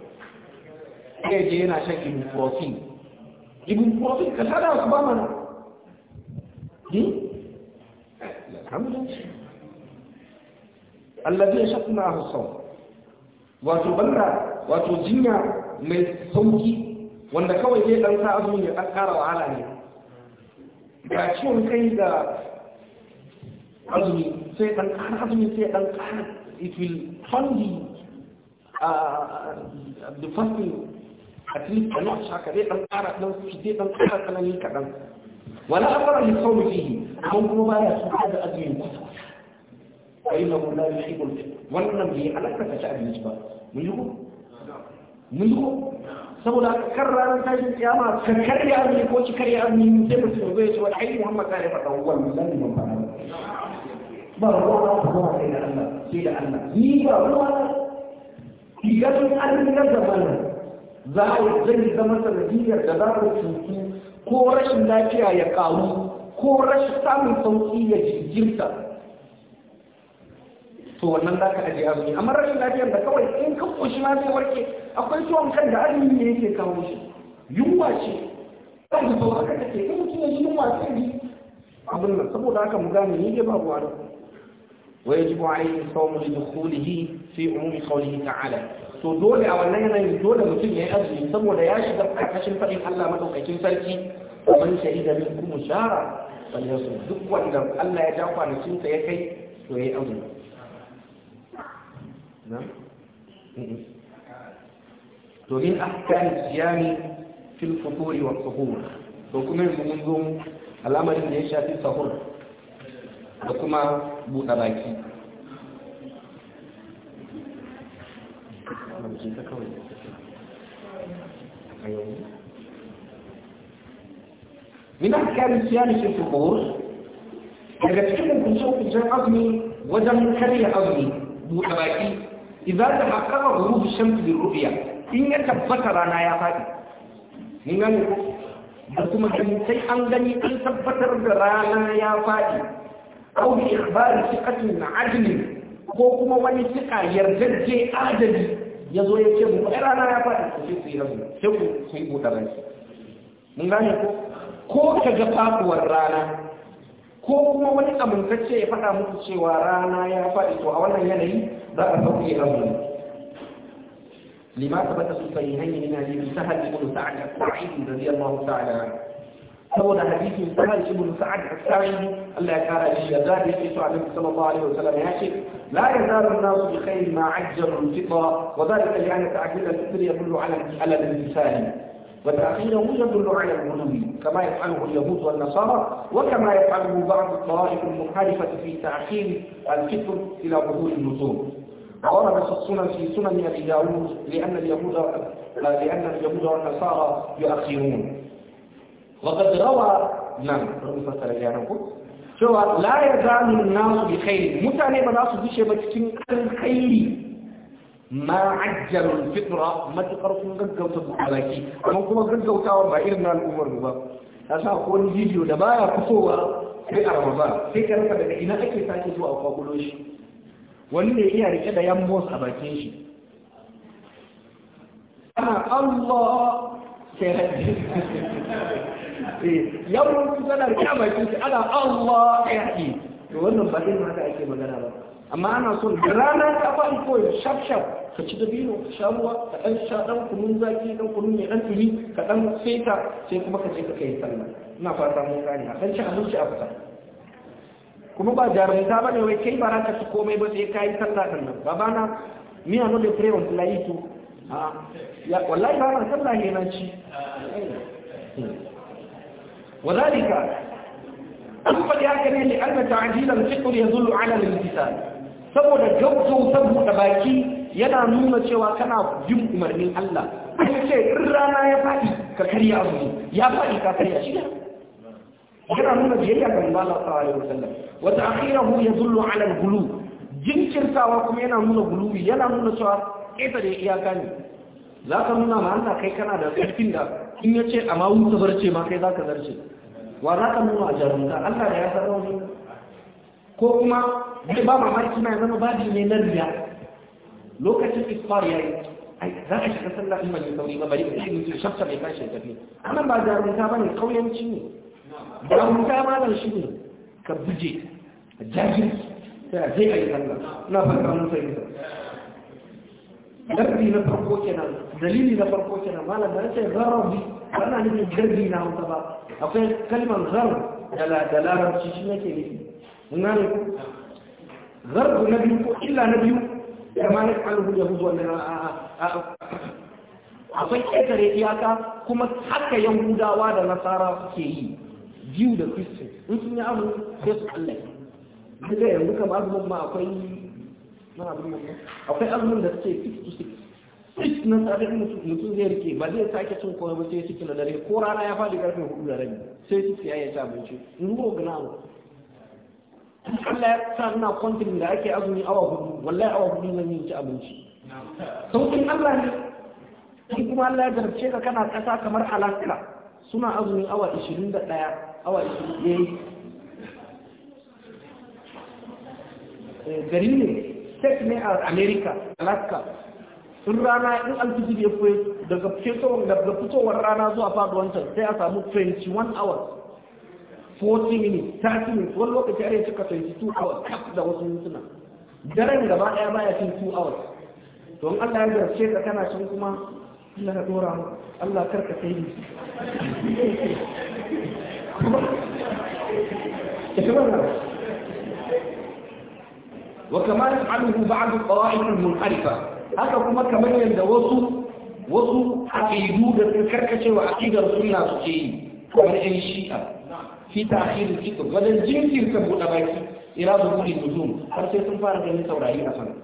sai je yana shan ibuprofen ibuprofen ka sada su ba mana allabi ya shafi na hausau wato banda wato jinya mai sauki wanda kawai zai dan sa azumi ya dan kara wahala ne ga ciwon kai da azumi sai dan kara azumi sai dan kara it will fund da ah, fasin at a notch haka zai dan ƙara dan zai dan ƙara tsanani kaɗan wala amara li sawmi fihi amma kuma ba ya su da azumin kusa fa inna yi yuhibbul wannan bai alaka ta ci abinci ba mun yi ko mun yi ko saboda kan ranar tashin kiyama ka karya azumi ko ki karya azumi sai mutum zai ce wani Muhammad kare faɗa wannan zan ban faɗa ba ruwa ba ba sai da Allah sai da Allah ni ba ruwa idan an na zamanin, za a zai zama sanadiyar da za mu cutu ko rashin lafiya ya karu ko rashin samun sauki ya jirta to wannan za ka aje azumi amma rashin lafiyar da kawai in ka koshi ma zai warke akwai ciwon kan da azumi ne yake kawo shi yunwa ce kan da ba ka take in mutum ya yi yunwa sai abin nan saboda haka mu gane ni dai babu wani ويجب عليه الصوم لدخوله في عموم قوله تعالى to dole a wannan yanayin dole mutum ya yi azumi saboda ya shiga ƙarƙashin faɗin Allah madaukakin sarki man shahida minkum shara falyasu duk wanda Allah ya ja kwanakin sa ya kai to yayi azumi na to min ahkam siyami fil futuri wa suhur to kuma mun zo al'amarin da ya shafi sahur da kuma buɗe baki min siya siyani shi fukur daga cikin hukunce-hukuncen azumi wajen karya azumi buɗe baki idan da haƙaƙa guru shan filin rubiya in ya tabbata rana ya faɗi ni gani da kuma sai an gani an tabbatar da rana ya faɗi أو بإخبار ثقة عدل ko kuma wani suka yardajje adali ya zo ya ce muku rana ya faɗi ku sai tsira mu sai ku sai ku da ranki mun gane ko ko ka ga faduwar rana ko kuma wani amintacce ya faɗa muku cewa rana ya faɗi to a wannan yanayi za a sauke azumi Limata tabbata su sai hanyar yana ne bi sahal ibn sa'ad al-qur'ani radiyallahu ta'ala anhu سوونا حديث سهل ابن سعد الساعدي الله كان لي زاد في صلى الله عليه وسلم يحكي لا يزال الناس بخير ما عجل الفطر وذلك لأن تعجيل الفطر يدل على الألم الإنساني وتأخيره يدل على العلوم كما يفعله اليهود والنصارى وكما يفعله بعض الطوائف المخالفة في تأخير الفطر إلى ظهور النصوص ورد في السنن في سنن ابي داود لان اليهود لان اليهود والنصارى يؤخرون وقد روى نعم yaran جانبه cewa la ya zanu nasu bi khairi mutane ba za su gushe ba cikin alkhairi ma ajjalul fitra matakar kun gaggauta alaki kuma gaggautawa ba irin na al'ummar ba ta sa ko wani bidiyo da baya fitowa sai a ba. sai ka rika daga ina ake sake zuwa a kwakulo wani ne iya rike da yambos a bakin shi ana Allah Eh, yawon su tana da kyamakin su ana Allah ya haɗi to wannan ba zai haka ake magana ba amma ana son ranar kafa ko shafshaf ka ci dabino ka sha ruwa ka ɗan sha ɗan kunun zaki ɗan kunun mai ɗan turi ka ɗan feta sai kuma ka ce ka kai sallah ina fata mun gane a kan ci abinci a fita kuma ba jarumta ba ne wai kai ba za ka ci komai ba sai ka yi sallah ɗin nan babana mi ano de pre on la yi tu wallahi ba na sallah ne nan ci wadalika an faɗi haka ne da anna ta'jilan fiqr yadullu ala al-imtisal saboda gaggau saboda baki yana nuna cewa kana bin umarnin Allah an ce in rana ya faɗi ka karya azumi ya faɗi ka karya shi yana nuna biyayya ga manzo Allah sallallahu alaihi wasallam wa ta'khirahu yadullu ala al-ghulu jinkirtawa kuma yana nuna gulubi yana nuna cewa da iyaka ne za ka nuna ma Allah kai kana da ƙarfin da in ya ce amma wuta zarce ma kai za ka zarce wa za ka nuna a jarumta Allah da ya san rauni ko kuma zai ba mamaki na zama babi ne na riya lokacin isfar ya yi za ka shiga sallah in mai sauri ba bari ka shi shafta mai kashe tafi amma ba jarumta ba ne kauyanci ne jarumta ma nan shi ne ka buje jajirci sai a je a yi sallah ina fara wani sai darbi na farko kenan dalili na farko kenan malam da ce zarabi ne ne darbi na hausa ba akwai kalmar zar da larabci shi nake nufi nan zar na biyu ko illa na biyu kama na wa? a wannan akwai ƙetare iyaka kuma haka yahudawa da nasara suke yi biyu da kristi in sun yi abu sai su allah duk da yanzu kamar abubuwan ma akwai akwai azumin da suke 6 to 6 na tsari mutum zai rike ba zai sake cin komai sai suke na dare ko rana ya faɗi karfe 4 da rabi sai suke ya yi ta abinci in ruwa gina abu Allah ya sa ina kwantin da ake azumi awa hudu wallahi awa hudu na yin ci abinci sauƙin Allah ne kuma Allah ya jarabce ka kana kasa kamar alaƙira suna azumin awa 21 awa eh, gari ne state ne a america alaska sun rana in da ya fi daga fitowar rana zuwa faduwanta sai a samu 21 hours 40 minutes 30 minutes wani lokaci a cika 22 hours kaf da wasu mutuna daren gaba daya baya cin 2 hours to in Allah ya garce ka kana cin kuma Allah da dora Allah karka sai ni kuma wa kama yaf'aluhu ba'd al-qawa'id al-munharifa haka kuma kamar yadda wasu wasu aqidu da sun karkace wa aqidar sunna suke yi kamar ɗan shi'a fi ta'khir al-fiqh wajen jinkirta buɗe baki ila zuhuri nuzum har sai sun fara ganin saurayi a sama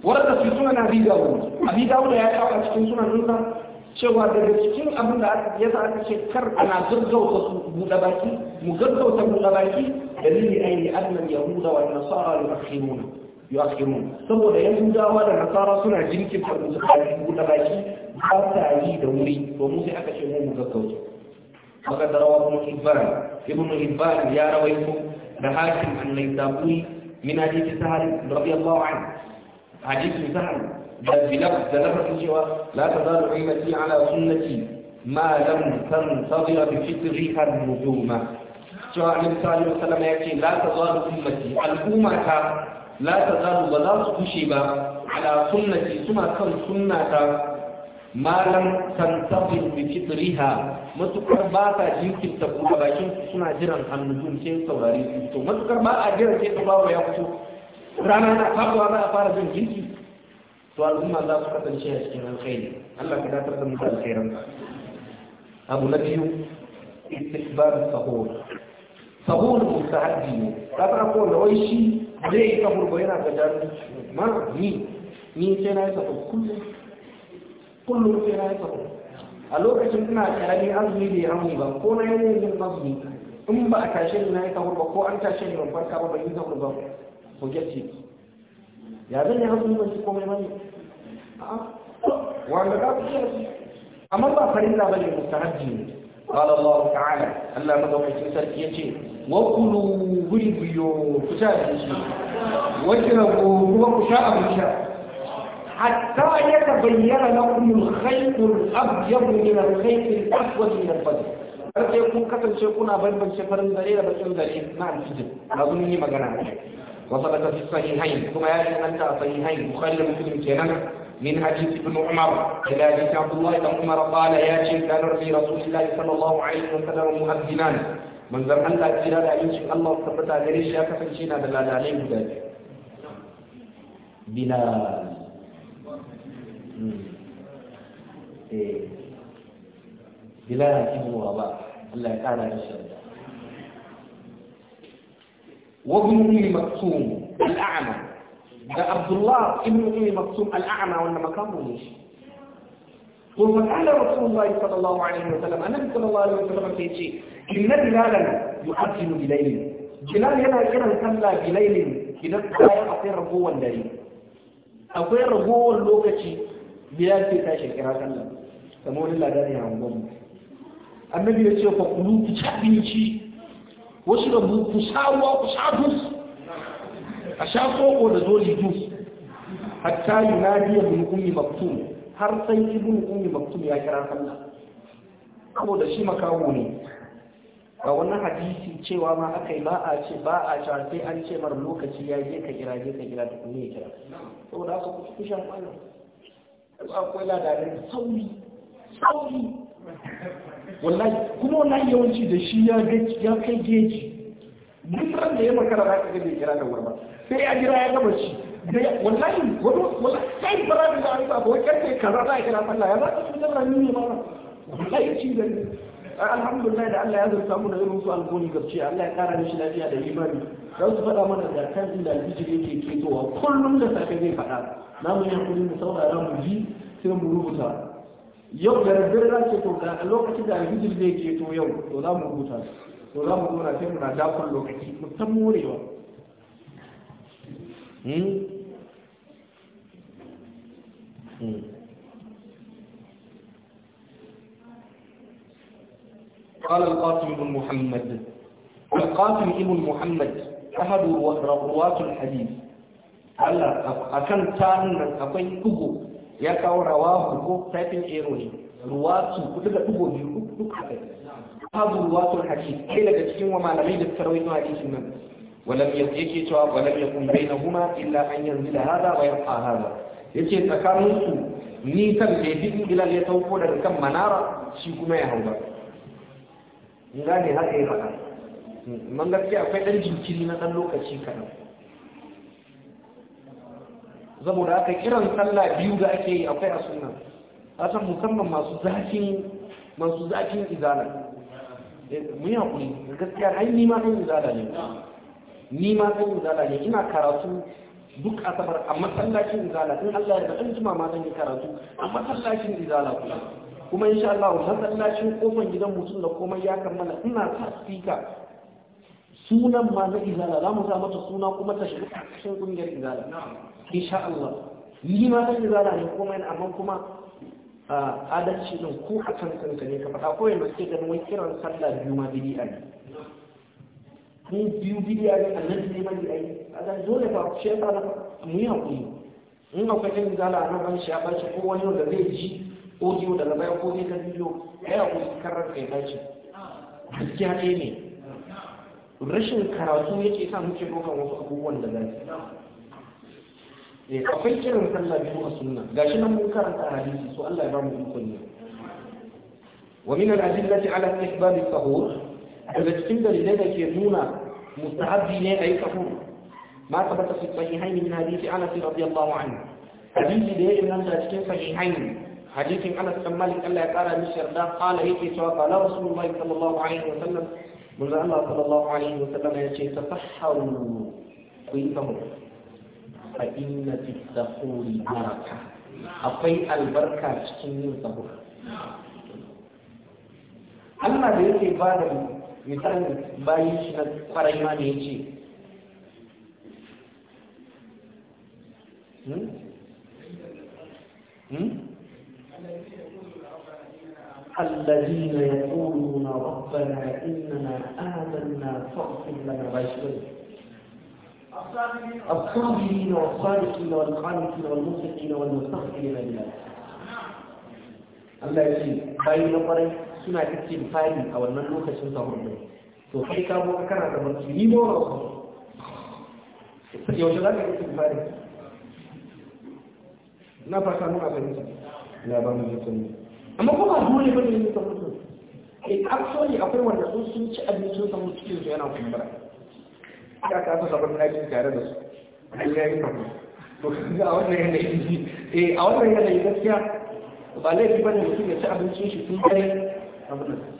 ورد في سنن أبي داود أبي ya kawo a cikin سنن nuna. cewa daga cikin abin da ya sa ake kar ana gaggauta su buɗa baki mu gaggauta buɗe baki da nini ne ainihi annan yahuda wa nasara da akhirun yu'akhirun saboda yan jawa da nasara suna jinkin farin su kai buɗa baki ba ta yi da wuri domin sai aka ce mu mu gaggauta haka da rawa kuma ibban ibnu ibban ya rawaito da hakim annai zabuni min hadisi sahal radiyallahu anhu hadisi sahal بلفظ لفظ سوى لا تزال عينتي على سنتي ما لم تنتظر بفطرها النجوم سوى النبي صلى الله عليه وسلم يأتي لا تزال أمتي الأمة لا تزال ولا تكشب على سنتي ثم كم سنة ما لم تنتظر بفطرها matukar ba ta jinkirta buɗe bakin suna jiran hannun sai saurari to matukar ba a jiran sai ta bawa ya fito rana na faɗuwa za a fara jin jinki to al'umma za su kasance a cikin alkhairi Allah ka dakatar da mutu alkhairan abu na biyu istikbar sahur sahur mustahabbi ne ta fara ko da wai shi zai yi sahur ba yana ga jaru ma ni ni sai na yi sahur kullum kullum sai na yi sahur a lokacin ina karami azumi bai amni ba ko na yi yin azumi in ba a tashe ni na yi sahur ba ko an tashe ni ban farka ba ban yi sahur ba ko gaci yabene hakuri ko kome mai ah wanda ka fi amma ba farilla bane mustahabbi قال الله تعالى الا مدوكي سرك يجي وكلوا بيبيو فتاش وجهكم هو كشاء بشاء حتى يتبين لكم الخيط الابيض من الخيط الاسود من الفجر هل يكون كتر شيء كنا بين بين شفرين دليل بين دليل ما نعم، عندي ما ظنني ما قال وثبت في الصحيحين كما يجب انت صحيحين بخاري ومسلم كلمه من حديث ابن عمر الى حديث عبد الله بن عمر قال يا شيخ كان في رسول الله صلى الله عليه وسلم مؤذنان من زم الله كيرا لا يشك الله ثبت غير الشيخ فنشينا دلال عليه ذلك بلا بلا كبر وضع الله تعالى يشهد وابن أم مكتوم الأعمى ده عبد الله ابن أم مكتوم الأعمى ولا مكانه ليش قل وقال رسول الله صلى الله عليه وسلم النبي صلى الله عليه وسلم كيتشي إن بلالا يؤذن بليل بلال يلا يلا يصلى بليل إذا لا أطير ربوا الليل أطير ربوا اللوكتي بلال في تاشي كرا صلى كما ولا لا داري عن النبي يقول فقلوب تشعبين شيء wasu da mu ku ku sha a sha koko da zoli dus hatta yunadi ibn ummi maktum har sai ibn ummi maktum ya kira kawo saboda shi makawo ne ba wannan hadisi cewa ma aka yi ba a ce ba a cewa sai an ce mara lokaci ya je ka kira je ka kira da kuma ya kira saboda haka kuma kushan kwallon. akwai ladarin sauri sauri wallahi kuma wallahi yawanci da shi ya ya kai geji duk ran da ya makara za ka ga bai kira da wuri ba sai ya jira ya gaba shi dai wallahi wani wallahi sai bara da za a yi ba wai karfe kaza za a kira sallah ya za ka su zan rami ne ba wallahi ci da alhamdulillah da Allah ya zarta mu da irin su alkoni gaskiya Allah ya kara mishi lafiya da imani dan su faɗa mana da kan inda alhijiri yake ketowa kullum da safe zai faɗa na mu yi hakuri mu saurara mu ji sai mu rubuta yau da rabin ran ce to a lokacin da alhijir zai ce to yau to za mu huta to za mu zauna sai muna dakon lokaci mu san morewa قال القاسم بن محمد القاسم بن محمد أحد رواة الحديث ألا أكن تان أكن كبو ya kawo rawa ko typing error ne su kudu da dubo biyu duk haka babu ruwatul hadis kai daga cikin wa malamai da suka rawaito hadisin nan walam yake cewa walam na huma illa an yanzila hada wa yabqa hada yake tsakanin su ni kan da bikin bilal ya sauko daga kan manara shi kuma ya ba. in gane haka ya faɗa hmm, man gaskiya akwai ɗan jinkiri na ɗan lokaci kaɗan saboda haka kiran sallah biyu da ake yi akwai a A asan musamman masu zafin masu zafin izala eh, Mun yi haƙuri gaskiya ai ni ma ɗan izala ne ni ma ɗan izala ne ina karatu duk asabar amma masallacin izala in Allah ya zaɓen jima ma zan yi karatu amma masallacin izala kuma kuma insha Allah masallacin kofar gidan mutum da komai ya kammala ina sa speaker sunan ma na izala za mu sa mata suna kuma ta shiga cikin kungiyar izala insha Allah yi ma ta izala ne kuma yana amma kuma adalci din ko a kan kanka ne ka faɗa ko yanzu ke ganin wani kiran sallah biyu ma bidi'a ne mu biyu bidi'a ne nan ne ba bidi'a a ga dole fa shi ya mu yi hakuri in akwai kan izala nan ban shi ya bashi ko wani wanda zai ji audio daga baya ko zai ta bidiyo ya yi hakuri karar kai bashi gaskiya ne rashin karatu yake sa muke ɗaukar wasu abubuwan da zafi eh, akwai kiran sallah biyu a sunna gashi nan mun karanta a hadisi so Allah ya ba mu ikon ne wa min al-adillati ala istihbab as-sahur daga cikin dalilai da ke nuna mustahabbi ne ayi sahur ma tabbata fi sahihain min hadisi ala Anas radiyallahu anhu hadisi da ya nan inganta cikin sahihain hadisin Anas bin Malik Allah ya kara mishi yarda qala yake cewa qala Rasulullahi sallallahu alaihi wa sallam manzo Allah sallallahu alaihi wasallam ya ce tafahharu ku yi fahimu fa inna fi sahuri baraka akwai albarka cikin yin sahur Allah da yake ba da misalin bayan shi na kwarai ma da ya ce Hmm? Hmm? الذين يقولون ربنا إننا آمنا فاغفر لنا ويغفر الصابرين والصالحين والقانتين والمسلمين والمستغفرين لله أما يجي باي نقري سنة كتير فايل أو المنوخة سنة ربنا توحيك أبو أكرا تبقى تبقى تبقى تبقى تبقى تبقى تبقى تبقى تبقى تبقى تبقى تبقى تبقى تبقى amma kuma dole bane ne ta mutu kai eh, actually akwai wanda sun sun ci abincin sa mutu cikin su yana kumbura ya ka ta sabon na jin tare da su Allah ya yi to ga wannan yana yi eh a wannan yana yi gaskiya ba laifi bane mutum ya ci abincin shi tun dare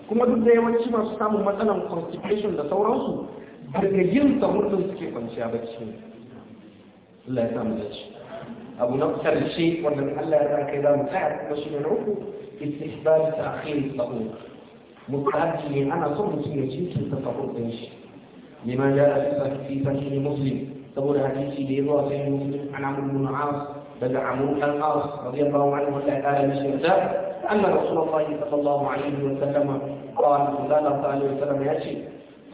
kuma duk da yawanci masu samun matsalan constipation da sauransu daga yin sahurdin suke kwanciya bacci Allah ya samu dace abu na karshe wanda Allah ya zaka kai za mu tsaya kuma shi ne na uku استحباب تأخير الطهور متأكد أنا صمت من شيء التطهر إيش لما جاء في صحيح مسلم تقول حديث بيضاء سيد مسلم عن عمرو بن عاص بل عمرو بن العاص رضي الله عنه ولا تعالى من أن رسول الله صلى الله عليه وسلم قال صلى الله عليه وسلم يأتي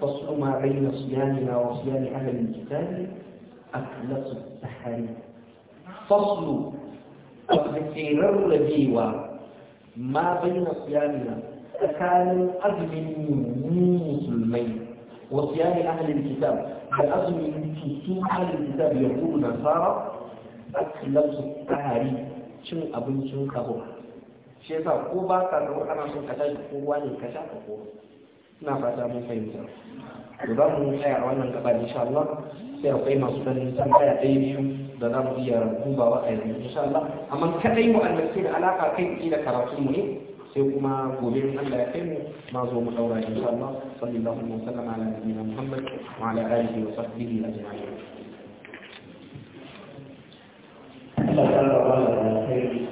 فصل ما بين صيامنا وصيام أهل الكتاب أخلص التحريم فصل أخذ سيرر ديوان ma bayna siyamina tsakanin azumin mu musulmai wa siyami ahlil kitab da azumin su ahlil kitab ya kudu nasara akilansu tsari cin abincin kabo shi yasa ko ba ka zo ana son ka tashi kowa ne ka sha ka kowa ina fata mun fahimta to za mu tsaya a wannan gaba insha Allah sai akwai masu ganin san tsaya ɗaya biyu da za mu iya dubawa a yanzu insha Allah amma kadai mu annabce da alaka kai ki da karatu mu ne sai kuma gobe in Allah ya kai mu ma zo mu daura insha Allah sallallahu alaihi wa sallam ala nabiyina Muhammad wa ala alihi wa sahbihi ajma'in Allah ta rawa da alkhairi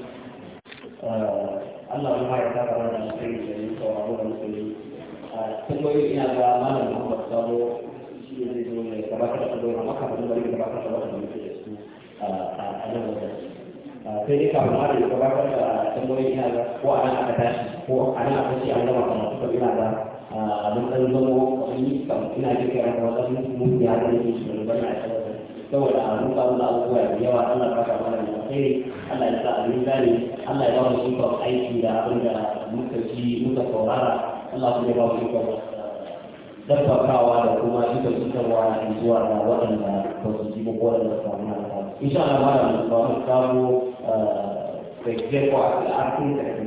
ah, Allah kuma ya tara da alkhairi da yin sauraro da musulmi kuma ah, ina ga malam Muhammad Sabo shi ne zai zo mai gabatar da dora maka da bari gabatar da wata mutum a nan lokaci sai da ya ina ko a tashi ko a nan aka ina abin ina zama ne shi wani bana a a da abubuwa da yawa Allah ba ka mana da alheri Allah ya ba aiki da abin da muka da kuma ita cutarwa zuwa waɗanda ba su ji ko ان شاء الله بعد الافطار نختاروا في على